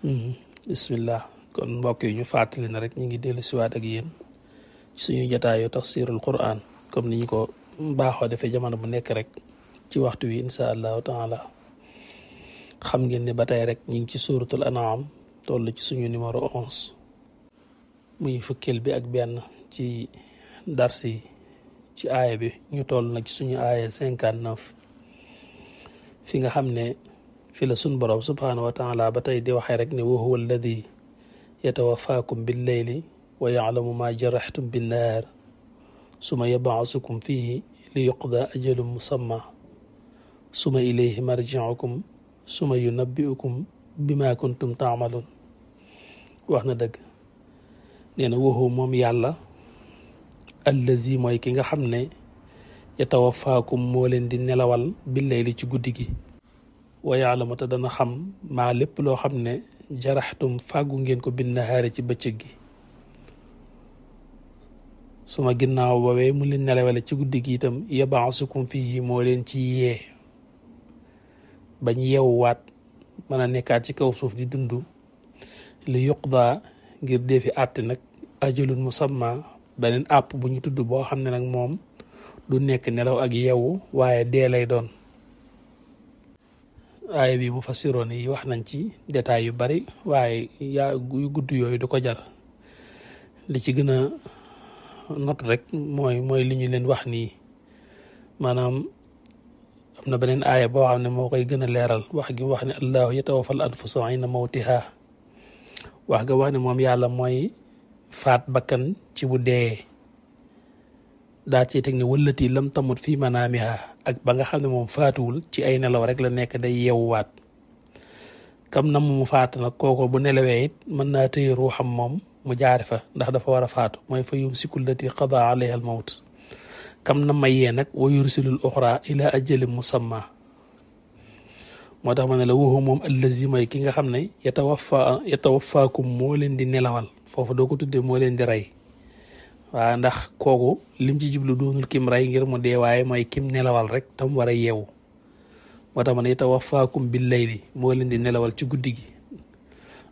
bismillah kon mbokk yi ñu fàttali na rek ñu ngi dellu siwaat ak yéen suñu jotaayu tafsirul quran comme ni ñu ko baaxoo defee jamono bu nekk rek ci waxtu wi insha allahu taala xam ngeen ni ba tey rek ñu ngi ci suuratul anaam toll ci suñu numéro onze muy fukkil bi ak benn ci dars yi ci aaya bi ñu toll na ci suñu aaya cinquante neuf fi nga xam ne في لسون برام سبحانه وتعالى بتاي دي وحيرك ني وهو الذي يتوفاكم بالليل ويعلم ما جرحتم بالنهار ثم يبعثكم فيه ليقضى أجل مسمى ثم إليه مرجعكم ثم ينبئكم بما كنتم تعملون واحنا دك نينا وهو موم يالا الذي موي كيغا خامني يتوفاكم مولين دي نلاوال بالليل تي غوديغي wa yaalama te dana xam maa lépp loo xam ne jaraxtum fàggu ngeen ko bind nahaari ci bëccëg gi suma ginnaaw boobee mu leen nelawale ci guddi gi itam yabaasukum fii moo leen ci yee bañ yeewuwaat mën a nekkaat ci kaw suuf di dund li yuqdaa ngir dee fi àtte nag ajalun musamma beneen àpp bu ñu tudd boo xam ne nag moom du nekk nelaw ak yeewu waaye dee lay doon aaya bi mu fassiroon yi wax nañ ci détails yu bari waaye yaa yu gudd yooyu du ko jar li ci gën a not rek mooy mooy li ñu leen wax nii maanaam am na beneen aaya boo xam ne moo koy gën a leeral wax gi wax ne allahu yatawafal anfusa ina mawtiha wax ga wax ne moom yàlla mooy faat bakkan ci bu dee daa ci teg ne wëllati lam tamut fii manaamiha ak ba nga xam ne moom faatuwul ci ay nelaw rek la nekk day yeewuwaat kam na mu faatu nag kooku bu nelawee it mën naa téye ruuxam moom mu jaare fa ndax dafa war a faatu mooy fa yum lati qada alayha al mawt kam na mayee nag wa yursilul uxra ila ajali musamma moo tax ma ne la wuxu moom allazi mooy ki nga xam ne yatawaffa yatawafaakum moo leen di nelawal foofu doo ko tuddee moo leen di rey waaw ndax kooku lim ci jublu doonul kim rey ngir mu dee waaye mooy kim nelawal rek tam war a yeewu moo tax ma ne tawaffaakum bil layli moo leen di nelawal ci guddi gi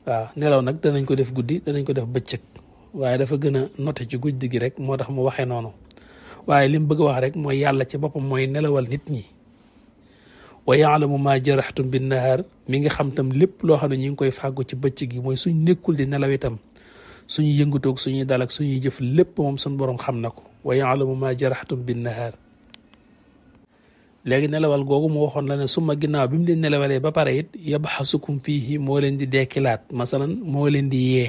waaw nelaw nag danañ ko def guddi danañ ko def bëccëg waaye dafa gën a noté ci guddi gi rek moo tax mu waxee noonu waaye lim bëgg wax rek mooy yàlla ci boppam mooy nelawal nit ñi wa yaalamu ma jaraxtum bin nahar mi nga xam tam lépp loo xam ne ñu ngi koy fàggu ci bëccëg gi mooy suñ nekkul di nelaw itam suñu yëngatoog suñuy dal ak suñuy jëf lépp moom suñu boroom xam na ko wa yaalamu ma jaraxtum bin nahaar léegi nelawal googu mu waxoon la ne suma ginnaaw bi mu leen nelawalee ba pare it yabxasukum fiihi moo leen di dekkilaat masalan moo leen di yee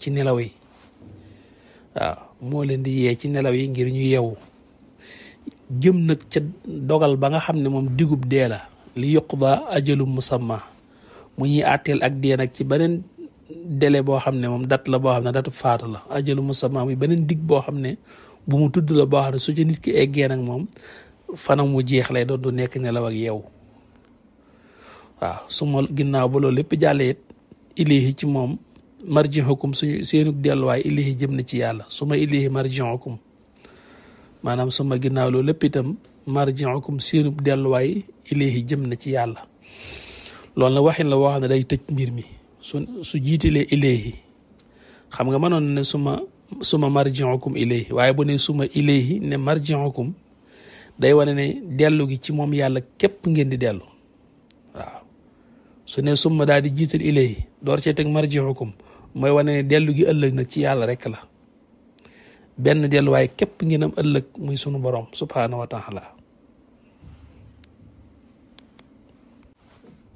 ci nelaw yi waaw moo leen di yee ci nelaw yi ngir ñu yeewu jëm nag ca dogal ba nga xam ne moom digub deela li yuqda ajalum musamma mu ñuy àtteel ak dee nag ci beneen délai boo xam ne moom dat la boo xam ne datu faatu la ajalu musamma yi beneen dig boo xam ne bu mu tudd la boo xam ne su ci nit ki eggee nag moom fanam mu jeex lay doon du nekk ne nelaw ak yow waaw su ma ginnaaw ba loolu lépp jàllee it ilihi ci moom marji xukum su seenu delluwaay ilihi jëm na ci yàlla su ma ilihi marji maanaam su ginnaaw loolu lépp itam marji xukum seenu delluwaay ilihi jëm na ci yàlla loolu la waxin la woo xam ne day tëj mbir mi su su jiitalee ilayhi xam nga mënoon ne suma suma marjiukum ilayhi waaye bu ne suma ilayhi ne marjiukum day wane ne dellu gi ci moom yàlla képp ngeen di dellu waaw su ne suma daal di jiital ilayhi door cee teg marjiukum mooy wane ne dellu gi ëllëg nag ci yàlla rek la benn delluwaay képp ngeen am ëllëg muy sunu borom subhaanahu wa taala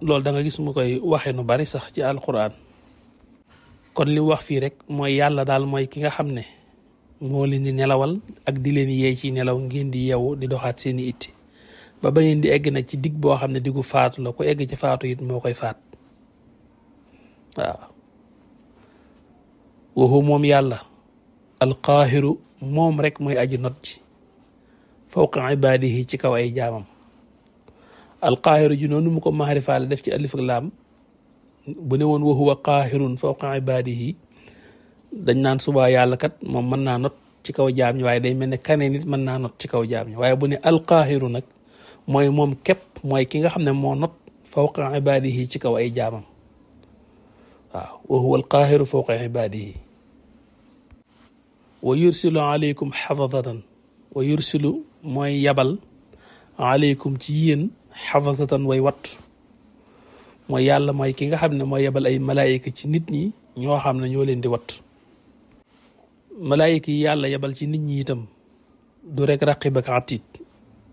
loolu danga nga gis mu koy waxe nu bari sax ci alquran kon li wax fii rek mooy yàlla daal mooy ki nga xam ne moo leen nelawal ak di leen yee ci nelaw ngeen di yeewu di doxaat seeni itti ba ba di egg na ci digg boo xam ne diggu faatu la egg ci faatu it moo koy faat waaw waxu moom yàlla alqaahiru moom rek mooy aji not ji fawqa ibaadihi ci kaw ay jaamam alqaahiru ji noonu mu ko maarifaale def ci alif ak laam bu ne woon wa huwa qaahirun fawqa ibaadihi dañ naan subaa yàlla kat moom mën naa not ci kaw jaam ñi waaye day mel ne kaneen nit mën naa not ci kaw jaam ñi waaye bu ne alqaahiru nag mooy moom képp mooy ki nga xam ne moo not fawqa ibaadihi ci kaw ay jaamam waaw wa huwa alqaahiru fawqa ibaadihi wa yursilu alaykum xafadatan wa yursilu mooy yabal alaykum ci yéen xafasatan way wat mooy yàlla mooy ki nga xam ne mooy yebal ay malaayika ci nit ñi ñoo xam ne ñoo leen di wat malaayika yi yàlla yebal ci nit ñi itam du rek raqib ak atit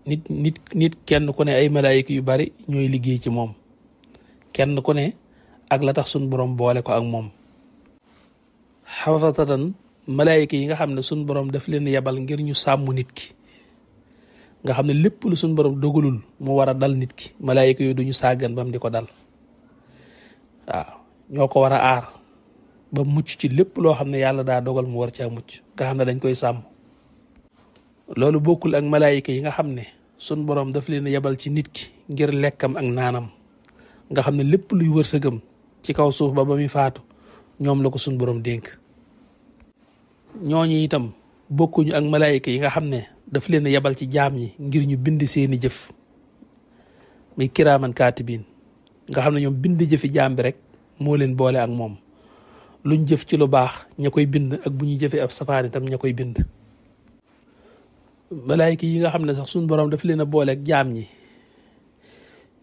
nit nit nit kenn ku ne ay malaayika yu bari ñooy liggéey ci moom kenn ku ne ak la tax suñ borom boole ko ak moom xafasatan malaayika yi nga xam ne suñ borom daf leen yebal ngir ñu sàmm nit ki nga xam ne lépp lu suñ borom dogalul mu war a dal nit ki malaayika yooyu duñu sàggan bam di ko dal waaw ñoo ko war a aar ba mucc ci lépp loo xam ne yàlla daa dogal mu war caa mucc nga xam dañ koy sàmm loolu bokkul ak malaayika yi nga xam ne suñ borom daf leen yebal ci nit ki ngir lekkam ak naanam nga xam ne lépp luy wërsëgam ci kaw suuf ba ba muy faatu ñoom la ko suñ borom dénk ñooñu itam bokkuñu ak malaayika yi nga xam ne daf leen yebal ci jaam ñi ngir ñu bind seeni jëf muy kiraaman kaatibiin nga xam ne ñoom bind jëfi jaam bi rek moo leen boole ak moom luñ jëf ci lu baax ña koy bind ak bu ñu jëfee ab safaan tam ña koy bind malaayika yi nga xam ne sax suñu borom daf leen a boole ak ñi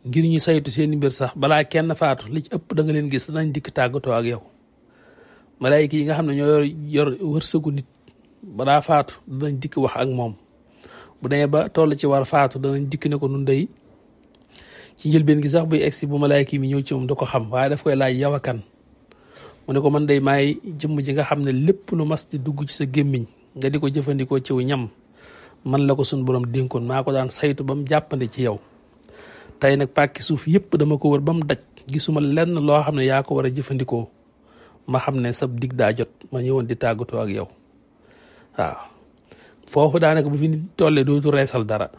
ngir ñu saytu seeni mbir sax balaa kenn faatu li ci ëpp da leen gis danañ dikk tàggatoo ak yow malaayika ñoo yor ba daa faatu danañ dikk wax ak moom bu demee ba toll ci war faatu danañ dikk ne ko nun day ci njëlbeen gi sax buy egsi bu malaayka mi ñëw ci moom da ko xam daf koy laaj yow kan mu ne ko man day maay jëmm ji nga xam ne lépp lu mas di dugg ci sa gémmiñ nga di ko jëfandikoo ciw ñam man la ko suñu borom dénkoon maa ko daan saytu ba mu jàppande ci yow tey nag pàkki suuf yëpp dama ko wër ba mu daj gisuma lenn loo xam ne yaa ko war a jëfandikoo ma xam ne sab digg daa jot ma ñëwoon di tàggatoo ak yow waaw foofu daanaka bu fi nit tollee dootu reesal dara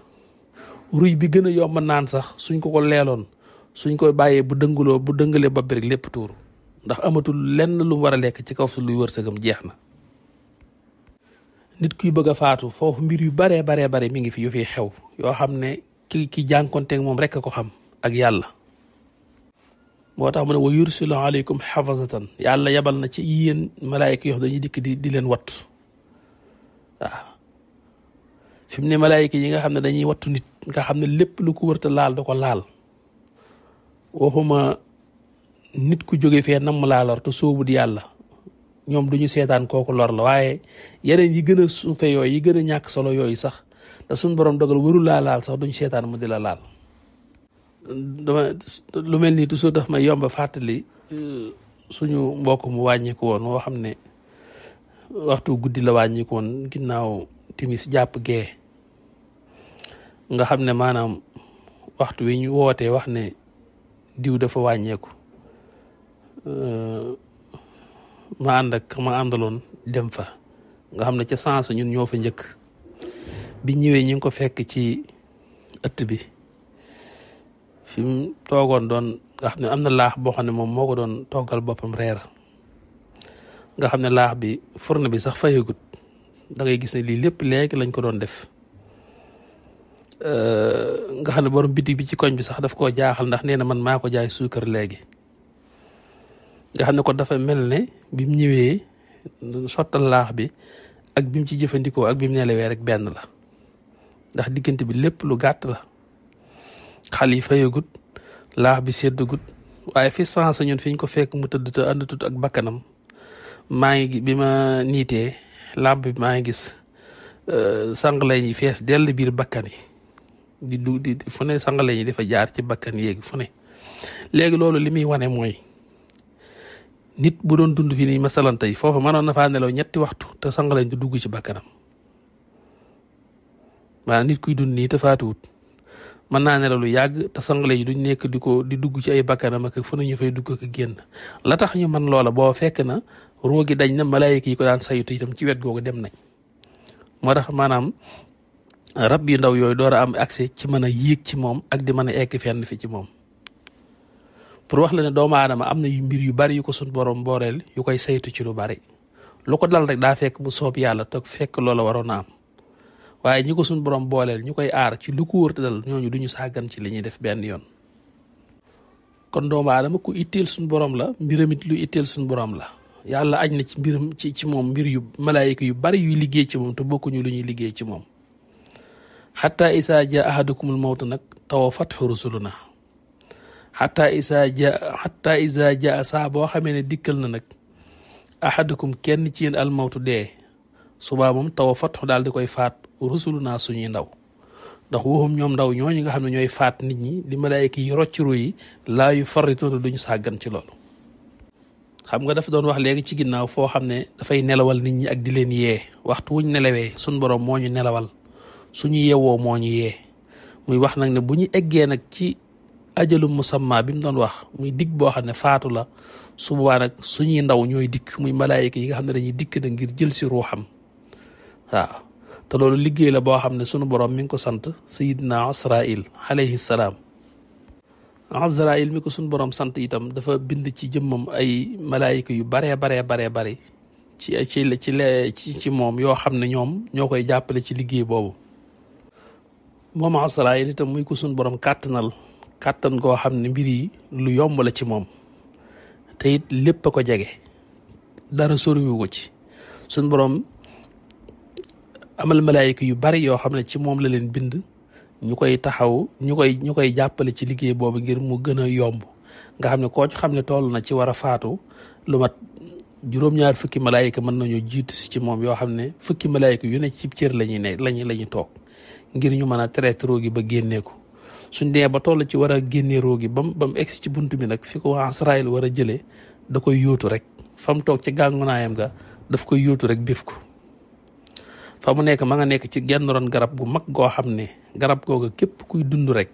ruy bi gën a yomb naan sax suñ ko ko leeloon suñ koy bàyyee bu dëngaloo bu dëngalee ba bi lépp tuur ndax amatul lenn lu mu war a lekk ci kaw su luy wërsëgam jeex na nit kuy bëgg a faatu foofu mbir yu baree baree bare mi ngi fi yu fiy xew yoo xam ne ki ki jànkonteeg moom rek a ko xam ak yàlla moo tax mu ne wa yursilu aleykum xafasatan yàlla yabal na ci yéen malaayika yoo xam dañuy dikk di di leen wat waaw fi mu ne malaayika yi nga xam ne dañuy wattu nit nga xam ne lépp lu ko wërta laal da ko laal waxuma nit ku jóge fee namm laa lor te sóobu di yàlla ñoom duñu seetaan kooku lor la waaye yeneen yi gën a suufe yooyu yi gën a ñàkk solo yooyu sax te suñ borom dogal warul laa laal sax duñu seetaan mu di laal dama mel nii toujours daf may yomba fàttali euh, suñu mbokk mu wàññiku woon woo xam ne waxtu guddi la wàññikoon ginnaaw timis jàpp gee nga xam ne maanaam waxtu wi ñu wootee wax ne diw dafa wàññeeku ma ànd ak ma àndaloon dem fa nga xam ne ca sens ñun ñoo fa njëkk bi ñëwee ñu ngi ko fekk ci ëtt bi fi mu toogoon doon nga xam ne am na laax boo xam ne moom moo ko doon toggal boppam reer nga xam ne laax bi fourne bi sax fayagut da ngay gis ne lii lépp léegi lañ ko doon def nga xam ne borom bitig bi ci koñ bi sax daf koo jaaxal ndax nee na man maa ko jaay suukar léegi nga xam ne ko dafa mel ne bi ñëwee ñëwee sottal laax bi ak bi mu ci jëfandikoo ak bi mu nelawee rek benn la ndax diggante bi lépp lu gàtt la xal yi fayagut laax bi seddagut waaye fi sens ñun fi ñu ko fekk mu tëdd te àndatut ak bakkanam maa bi ma niitee làmp bi maa ngi gis euh, sànqale yi fees dell biir bakkan yi di du di fu ne sànqale yi dafa jaar ci bakkan yeeg fu ne léegi loolu li muy wane mooy nit bu doon dund fii nii masalan tey foofu mënoon na faa nelaw ñetti waxtu te sànqale yi dugg ci bakkanam maanaam nit kuy dund nii te faatuwut mën naa nelaw lu yàgg te sànqale yi duñ nekk di ko di dugg ci ay bakkanam ak fu ne ñu fay dugg ak génn la tax ñu mën loola boo fekk na roo gi dañ na malaayika yi ko daan saytu itam ci wet googu dem nañ moo tax maanaam rab yu ndaw yooyu door a am accès ci mën a yéeg ci moom ak di mën a egg fenn fi ci moom pour wax la ne doomu aadama am na yu mbir yu bari yu ko suñ borom booreel yu koy saytu ci lu bari lu ko dal rek daa fekk mu soob yàlla te fekk loola waroon a am waaye ñi ko suñ borom booleel ñu koy aar ci lu ko wër te dal ñooñu duñu sàggan ci li ñuy def benn yoon kon doom doomu aadama ku itteel suñ borom la mbiramit lu itteel suñ borom la yàlla aj na ci mbiram ci ci moom mbir yu malaayika yu bari yuy liggéey ci moom te bokkuñu lu ñuy liggéey ci moom xataa isaa jaa ahadukumul mawtu nag tawa fatxu rusuluna xataa isaa jaa xataa saa boo xamee ne dikkal na nag ahadukum kenn ci yéen al mawtu subaa moom tawa fatxu daal di koy faat rusuluna suñuy ndaw ndax waxum ñoom ndaw ñoo ñooñu nga xam ne ñooy faat nit ñi di malaayika yi rocc ru yi laa yu farritoona duñu sàggan ci loolu xam nga dafa doon wax léegi ci ginnaaw foo xam ne dafay nelawal nit ñi ak di leen yee waxtu wuñ nelawee suñ borom moo ñu nelawal suñu yewoo moo ñu yee muy wax nag ne bu ñu eggee nag ci ajalu musamma bi mu doon wax muy dig boo xam ne faatu la su boobaa nag suñuy ndaw ñooy dikk muy malaayika yi nga xam ne dañuy dikk na ngir jël si ruuxam waaw te loolu liggéey la boo xam ne sunu borom mi ngi ko sant sayidna israil alayhi salaam Azraayil mi ko suñ borom sant itam dafa bind ci jëmmam ay malaayika yu baree baree baree bare ci ci ci ci ci moom yoo xam ne ñoom ñoo koy jàppale ci liggéey boobu moom Azraayil itam muy ko suñ borom kàttanal kàttan goo xam ne mbir yi lu yomb la ci moom te lépp a ko jege dara soriwu ko ci suñ borom amal malaayika yu bari yoo xam ne ci moom la leen bind ñu koy taxaw ñu koy ñu koy jàppale ci liggéey boobu ngir mu gën a yomb nga xam ne koo xam ne tool na ci war a faatu lu mat juróom-ñaar fukki malaayika mën nañoo jiitu si ci moom yoo xam ne fukki malaayika yu ne cib cër la ñuy ne lañu la ñu toog ngir ñu mën a traité roogi ba génnee ko suñ demee ba toll ci war a génnee roogi bam ba mu egsi ci bunt bi nag fi ko waa Israël war a jëlee da koy yóotu rek fa toog ci gàngunaayam ga daf koy yóotu rek bif ko fa mu nekk ma nga nekk ci genn ron garab gu mag goo xam ne garab googu képp kuy dund rek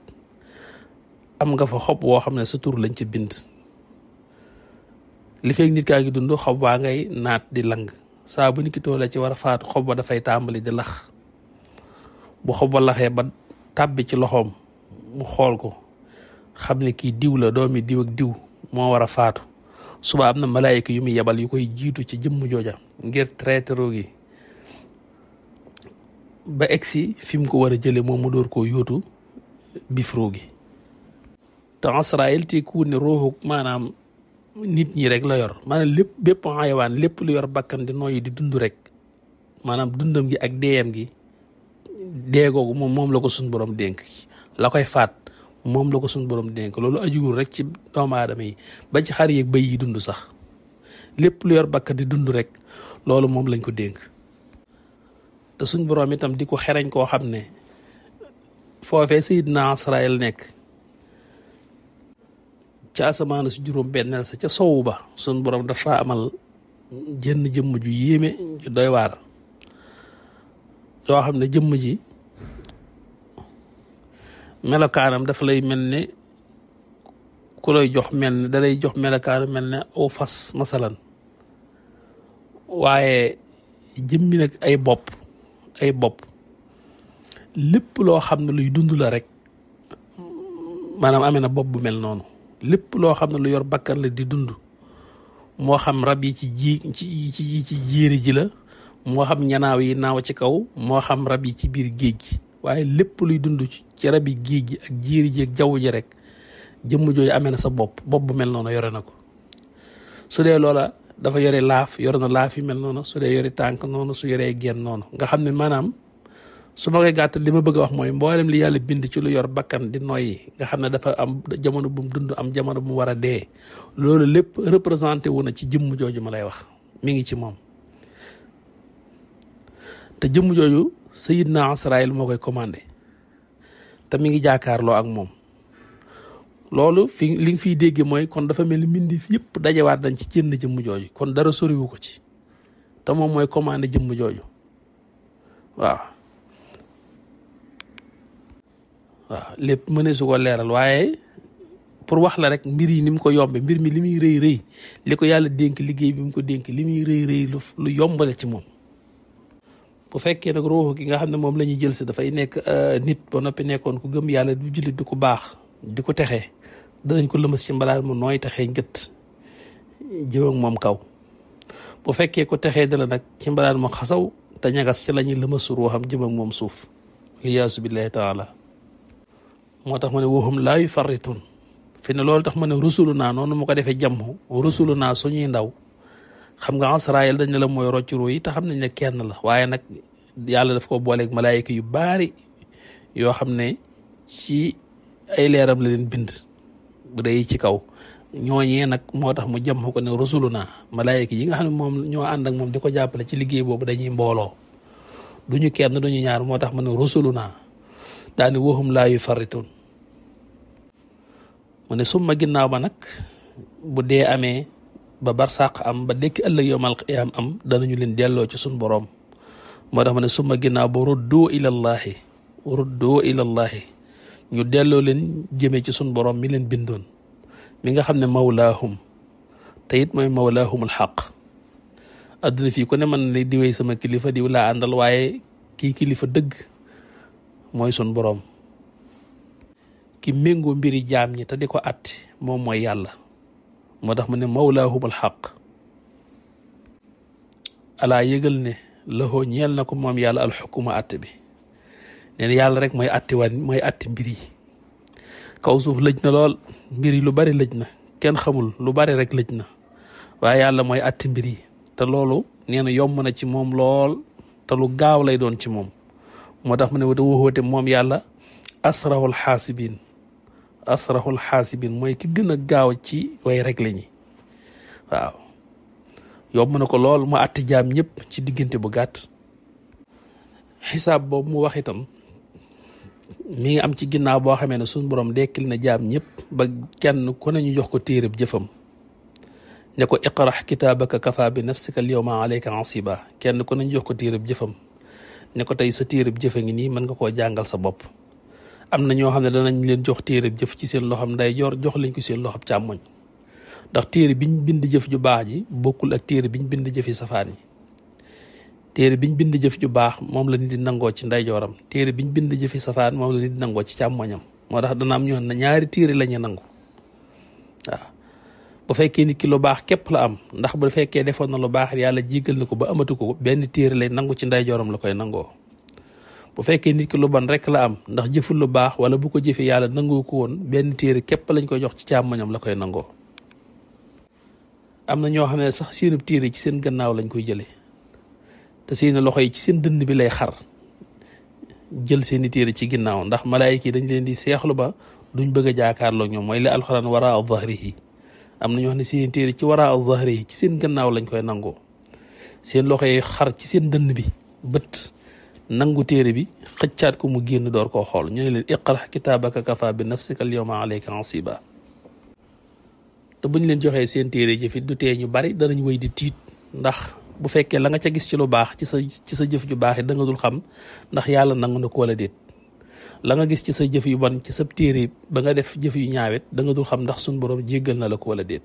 am nga fa xob woo xam ne sa tur lañ ci bind li fekk nit kaa ngi dund xob waa ngay naat di lang saa bu nit ki toolee ci war a faatu xob ba dafay tàmbali di lax bu xob ba laxee ba tàbbi ci loxoom mu xool ko xam ne kii diw la doomi diw ak diw moo war a faatu suba am na malaayika yu muy yebal yu koy jiitu ci jëmm jooja ngir traité gi ba egsi fi mu ko war a jële moom mu door ko yóotu bifro gi te Asraayil te ku ne ruuxu maanaam nit ñi rek la yor maanaam lépp bépp lépp lu yor bakkan di nooyi di dund rek maanaam dundam gi ak deeyam gi dee googu moom moom la ko suñ borom dénk la koy faat moom la ko suñ borom dénk loolu ajuwul rek ci doomu aadama yi ba ci xar yeeg bëy yi dund sax lépp lu yor bakkan dund rek loolu moom lañ ko dénk te suñ boroom itam di ko xereñ koo xam ne foofee Seydina Israel nekk ca asamaana su juróom benneel sa ca sowu ba suñ boroom dafa amal jënn jëmm ju yéeme ju doy waar xam ne jëmm ji melokaanam dafa lay mel ne ku lay jox mel ne da jox melokaanu mel ne aw fas masalan waaye jëmmi nag ay bopp ay bopp lépp loo xam ne luy dund la rek maanaam amee na bopp bu mel noonu lépp loo xam ne lu yor bakkan la di dund moo xam rab yi ci ji ci ci ci jéeri ji la moo xam ñanaaw yi naaw ci kaw moo xam rab yi ci biir géej gi waaye lépp luy dund ci rab yi géej gi ak jéeri ji ak jaww ji rek jëmm jooju amee na sa bopp bopp bu mel noonu yore na ko su dee loola dafa yore laaf yor na laaf yi mel noonu su dee yore tànk noonu su yoree genn noonu nga xam ne maanaam su ma koy gàttal li ma bëgg a wax mooy mboolem li yàlla bind ci lu yor bakkan di noyyi nga xam ne dafa am jamono bu mu dund am jamono bu mu war a dee loolu lépp représenté wu na ci jëmm jooju ma lay wax mi ngi ci moom te jëmm jooju Sayyidna lu moo koy commandé te mi ngi jàkkaarloo ak moom. loolu fi li nga fiy déggee mooy kon dafa mel ni mbindeef yëpp dajewaat dañ ci jënd jëmm jooju kon dara soriwu ko ci te moom mooy commandé jëmm jooju waaw. lépp mënee su ko leeral waaye pour wax la rek mbir yi ni mu ko yombe mbir mi li muy rëy rëy li ko yàlla dénk liggéey bi mu ko dénk li muy rëy rëy lu yombale ci moom. bu fekkee nag ruuxu gi nga xam ne moom la ñuy jël si dafay nekk euh, nit ba noppi nekkoon ku gëm yàlla du jullit du ku baax di ko texe danañ ko lëmas ci mbalaan mu nooy taxee ngët jëw ak moom kaw bu fekkee ko texee dala nag ci mbalaan mu xasaw te ñagas ci la ñuy lëmas ruuxam jëm ak moom suuf liyaasu billahi taala moo tax ma ne waxum laa yu farritun fi ne loolu tax ma ne rusulu naa noonu mu ko defee jàmm rusulu naa suñuy ndaw xam nga Israayil dañ ne la mooy rocc yi te xam nañ ne kenn la waaye nag yàlla def ko booleek malaayika yu baari yoo xam ne ci ay leeram la leen bind rëy ci kaw ñooñee nag moo tax mu jëm ko ne rasuluna malaayika yi nga xam ne moom ñoo ànd ak moom di ko jàppale ci liggéey boobu dañuy mbooloo duñu kenn duñu ñaar moo tax mu ne rasuluna daani waxum laa yu faritun mu ne summa ginnaaw ba nag bu dee amee ba barsàq am ba dekki ëllëg yowmal qiyaam am danañu leen delloo ci suñ boroom moo tax mu ne suma ginnaaw ba ruddoo ilallahi ruddoo ilallahi ñu delloo leen jëme ci sun borom mi leen bindoon mi nga xam ne mawlaahum te it mooy mawlaahumul xaq àdduna fii ku ne man na di wéy sama kilifa di laa àndal waaye kii kilifa dëgg mooy sun borom ki méngoo mbiri jaam ñi te di ko àtte moom mooy yàlla moo tax mu ne mawlaahumul xaq alaa yëgal ne lahoo ñeel na ko moom yàlla alxukuma àtte bi nee yàlla rek mooy atti wan mooy atti mbir kaw suuf lëj na lool mbir lu bari lëj na kenn xamul lu bari rek lëj na waaye yàlla mooy atti mbir yi te loolu nee yomb na ci moom lool te lu gaaw lay doon ci moom moo tax ma ne da waxoote moom yàlla asrahul xaasibin asrahul xaasibin mooy ki gën a gaaw ci way rek lañi ñi waaw yomb na ko lool mu àtti jaam ñépp ci diggante bu gàtt xisaab boobu mu wax itam mi ngi am ci ginnaaw boo xamee ne suñu borom dekkil na jaam ñëpp ba kenn ku ne ñu jox ko téereb jëfam ne ko iqrax kitaabaka kafa bi nafsika alyawma alayka asiba kenn ku ne ñu jox ko téereb jëfam ne ko tey sa téereb jëfe ngi nii mën nga koo jàngal sa bopp am na ñoo xam ne danañ leen jox téereb jëf ci seen loxam nday jox lañ ko seen loxam càmmoñ ndax téere biñ bind jëf ju baax ji bokkul ak téere biñ bind jëfi safaan yi téere biñ bind jëf ju baax moom la nit di nangoo ci ndeyjooram téere biñ bind jëfi safaan moom la nit di nangoo ci càmmoñam moo tax dana am ñoo xam ñaari téere la ñu nangu bu fekkee nit ki lu baax képp la am ndax bu fekkee defoon na lu baax yàlla jigal na ko ba amatu ko benn téere lay nangu ci ndeyjooram la koy nangoo bu fekkee nit ki bon rek la am ndax jëful lu baax wala bu ko jëfee yàlla nangu ko woon benn téere képp lañ koy jox ci càmmoñam la koy nangoo am na ñoo xam ne sax seenub téere ci seen gannaaw lañ koy jëlee. te seeni loxo yi ci seen dënn bi lay xar jël seeni téere ci ginnaaw ndax malaayika kii dañ leen di seexlu ba duñ bëgg a jaakaarloo ñoom mooy li alxuraan waraa zahrihi am na ñoo xam ne seen téere ci waraa zahrihi ci seen gannaaw lañ koy nangoo seen loxo yi xar ci seen dënn bi bët nangu téere bi xëccaat ko mu génn door ko xool ñu ne leen iqra kitaabaka kafa bi nafsika al yawma alayka asiba te buñ leen joxee seen téere jëfit du tee ñu bari danañ wéy di tiit ndax bu fekkee la nga ca gis ci lu baax ci sa ci sa jëf ju baax yi da dul xam ndax yàlla nangu na ko wala déet la nga gis ci sa jëf yu bon ci sa téere ba nga def jëf yu ñaawet da dul xam ndax suñ borom jéggal na la ko wala déet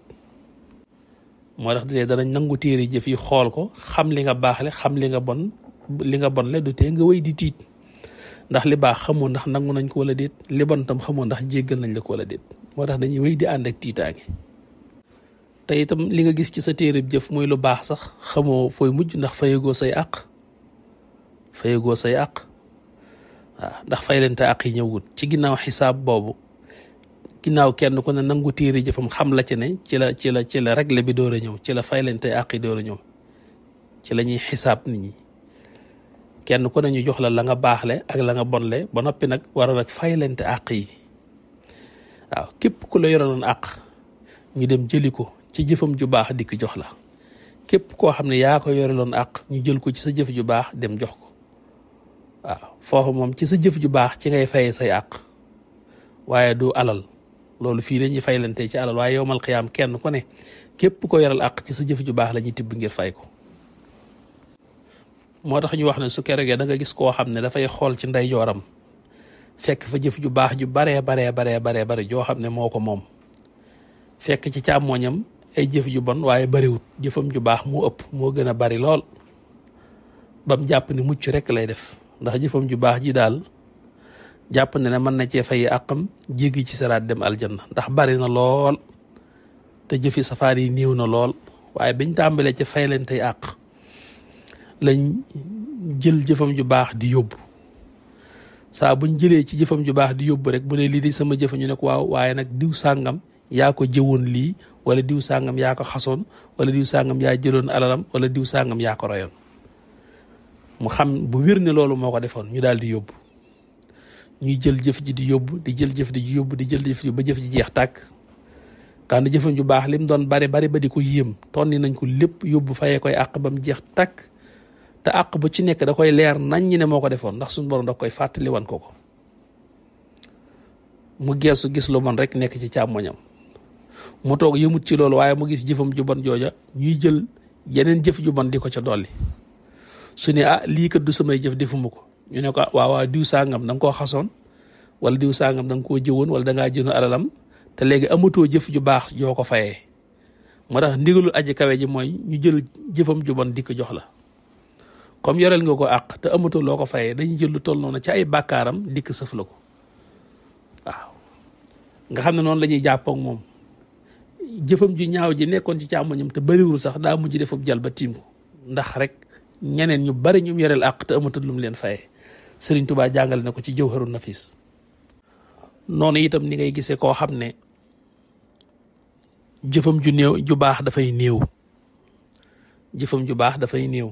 moo tax du danañ nangu téere jëf yi xool ko xam li nga baaxle xam li nga bon li nga bon le du tee nga wéy di tiit ndax li baax xamoo ndax nangu nañ ko wala déet li bon tam ndax jéggal nañ la ko wala déet moo tax dañuy wéy di ànd ak tiitaange te itam li nga gis ci sa téere bi jëf muy lu baax sax xamoo fooy mujj ndax fayagoo say àq fayagoo say àq waaw ndax fay leen te àq yi ñëwul ci ginnaaw xisaab boobu ginnaaw kenn ku ne nangu téere jëfam xam la ci ne ci la ci la ci la bi door a ñëw ci la fay leen te àq yi ci la ñuy xisaab nit ñi kenn ku na ñu jox la la nga baax le ak la nga bonle ba noppi nag war a nag fay leen àq yi waaw képp ku la yoroon àq ñu dem jëli ko ci jëfam ju baax dikk jox la képp koo xam ne yaa ko yoreloon ak ñu jël ko ci sa jëf ju baax dem jox ko waaw foofu moom ci sa jëf ju baax ci ngay fayee say àq waaye du alal loolu fii la ñuy faylantee ci alal waaye yowmal xiyaam kenn ku ne képp ko yoral àq ci sa jëf ju baax la ñuy tibb ngir fay ko. moo tax ñu wax ne su keroogee da nga gis koo xam ne dafay xool ci ndeyjooram fekk fa jëf ju baax ju baree baree baree baree bare joo xam ne moo ko moom fekk ci càmmooñam ay jëf ju bon waaye bariwut jëfam ju baax moo ëpp moo gën a bari lool bam jàpp ni mucc rek lay def ndax jëfam ju baax ji daal jàpp ne ne mën na cee fay àqam jéggi ci saraat dem aljanna ndax bari na lool te jëfi safaar yi néew na lool waaye biñ tàmbalee ci fay àq lañ jël jëfam ju baax di yóbbu saa buñ jëlee ci jëfam ju baax di yóbbu rek bu ne lii di sama jëfa ñu ne ko waaw waaye nag diw sàngam yaa ko jëwoon lii wala diw sàngam yaa ko xasoon wala diw sàngam yaa jëloon alalam wala diw sàngam yaa ko rayoon mu xam bu wér ne loolu moo ko defoon ñu daal di yóbbu ñuy jël jëf ji di yóbbu di jël jëf di yóbbu di jël jëf ji ba jëf ji jeex tàkk xanaa jëfam ju baax lim doon bari bari ba di ko yéem tonni nañ ko lépp yóbbu fayee koy àq ba mu jeex tàkk te àq bu ci nekk da koy leer nañ ñi ne moo ko defoon ndax suñu borom da koy fàttali wan ko ko mu geesu gis lu mon rek nekk ci càmmoñam mu toog yëmut ci loolu waaye mu gis jëfam ju bon jooja ñuy jël yeneen jëf ju bon di ko ca dolli su ne ah lii kat du samay jëf defuma ko ñu ne ko ah, waaw waaw diw da nga koo xasoon wala diw sangam da nga koo jëwoon wala da ngaa jënd alalam te léegi amatoo jëf ju baax joo ko fayee moo tax ndigalul aji kawe ji mooy ñu jël jëfam ju di ko jox la. comme yoreel nga ko àq te amatoo ko fayee dañuy jël lu toll noonu ca ay bàkkaaram dikk sëf ko waaw nga xam ne noonu lañuy ñuy moom. jëfam ju ñaaw ji nekkoon ci càmmoñam te bëriwul sax daa mujj defub jal ba tiim ko ndax rek ñeneen ñu bari ñu yoreel àq te amatul leen fayee Serigne Touba jàngale na ko ci jawharu nafis noonu itam ni ngay gisee koo xam ne jëfam ju néew ju baax dafay néew jëfam ju baax dafay néew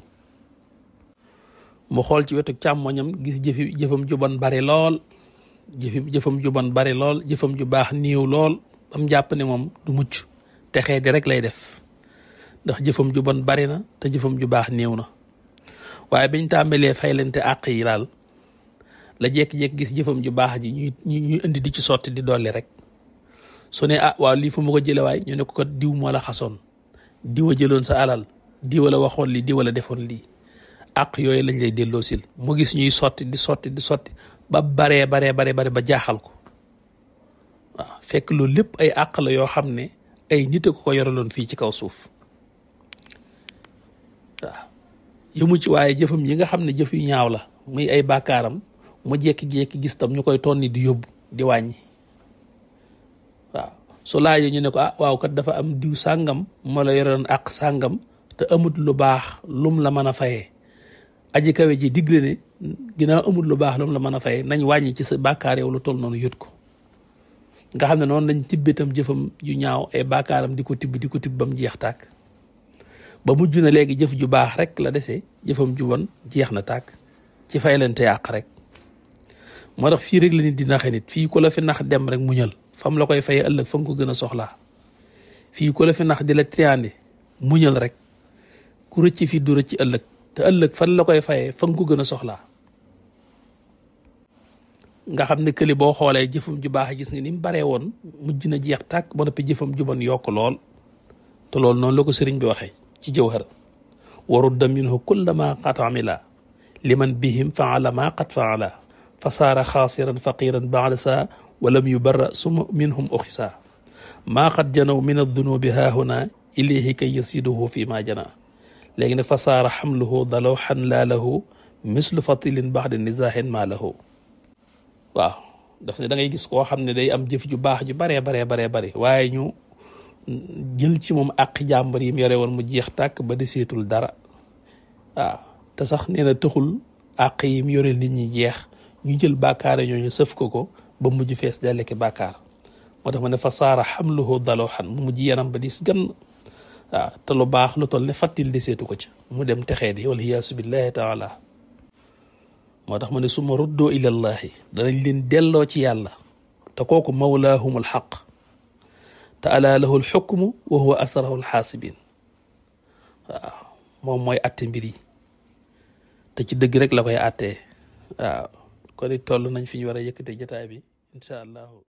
mu xool ci wetu càmmoñam gis jëfi jëfam ju bon bari lool jëfi jëfam ju bon bari lool jëfam ju baax néew lool am mu jàpp ne moom du mucc te xee rek lay def ndax jëfam ju bon bari na te jëfam ju baax néew na waaye biñ tàmbalee fay lente àq yi daal la jékki-jékki gis jëfam ju baax ji ñuy ñuy indi di ci sotti di dolli rek su ne ah waaw lii fu mu ko jëlee ñu ne ko kat diw moo la xasoon diwa jëloon sa alal diwa la waxoon lii diwa la defoon lii àq yooyu lañ lay delloosil mu gis ñuy sotti di sotti di sotti ba baree baree bare bare ba jaaxal ko. fekk loolu lépp ay àq la yoo xam ne ay nit ko ko yoraloon fii ci kaw suuf waaw yëmu ci waaye jëfam yi nga xam ne jëf yu ñaaw la muy ay bàkkaaram mu jekki-jekki gis tam ñu koy ni di yóbbu di wàññi waaw su laajee ñu ne ko ah waaw kat dafa am diw sàngam moo la yoroon àq sàngam te amut lu baax lum la mën a fayee aji kawe ji digle ne ginnaaw amut lu baax lum la mën a fayee nañ wàññi ci sa bàkkaar yow lu toll noonu yut ko nga xam ne noonu lañ tibbitam jëfam yu ñaaw ay baakaaram di ko tibb di ko tibb bam jeex tàkk ba mujj na léegi jëf ju baax rek la dese jëfam ju won jeex na tàkk ci faylante yàq rek moo tax fii rek la nit di naxe nit fii ku la fi nax dem rek muñal fam la koy fay ëllëg fa nga ko gën a soxlaa fii ku la fi nax di la triande muñal rek ku rëcc fi du rëcc ëllëg te ëllëg fan la koy fayee fa nga ko gën a soxlaa nga xamne ne këli boo xoolee jëfam ju baax gis nga nim bare won woon mujj na jeex tak bo nopi jëfum ju bon yok lool te loolu non lako serigne bi waxe ci jawhar dam minhu kullama qatamila liman bihim faala ma qad faala fa saara xaasiran faqiran baada saa walam yubarra suma minhum uxisa ma qad janaw min addunubi haahuna ilayhi kay yasiduhu fi ma jana léegi nag fa saara xamluhu dalooxan laa lahu mislu fatilin baada nisaahin maa lahu waaw daf ne da ngay gis koo xam ne day am jëf ju baax ju bare bare bare bare waaye ñu jël ci moom àq jàmbar yi mu yore woon mu jeex tàkk ba deseetul dara waaw te sax nee na taxul àq yi mu yore nit ñi jeex ñu jël bàkkaar ñooñu sëf ko ko ba mujj fees delleke bàkkaar moo tax ma ne fa saara xamluhu dalooxan mu mujj yanam ba dis gan waaw te lu baax lu toll ne fàttil deseetu ko ca mu dem texee di wala yaasu billahi taala moo tax mu ne suma ruddoo ila llahi danañ leen delloo ci yàlla te kooku mawlaahum alxaq te ala lahu alxukmu wa huwa asrahu alxaasibin waaw moom mooy atte mbir yi te ci dëgg rek la koy attee waaw kon it toll nañ fi ñu war a yëkkate jataay bi incha allahu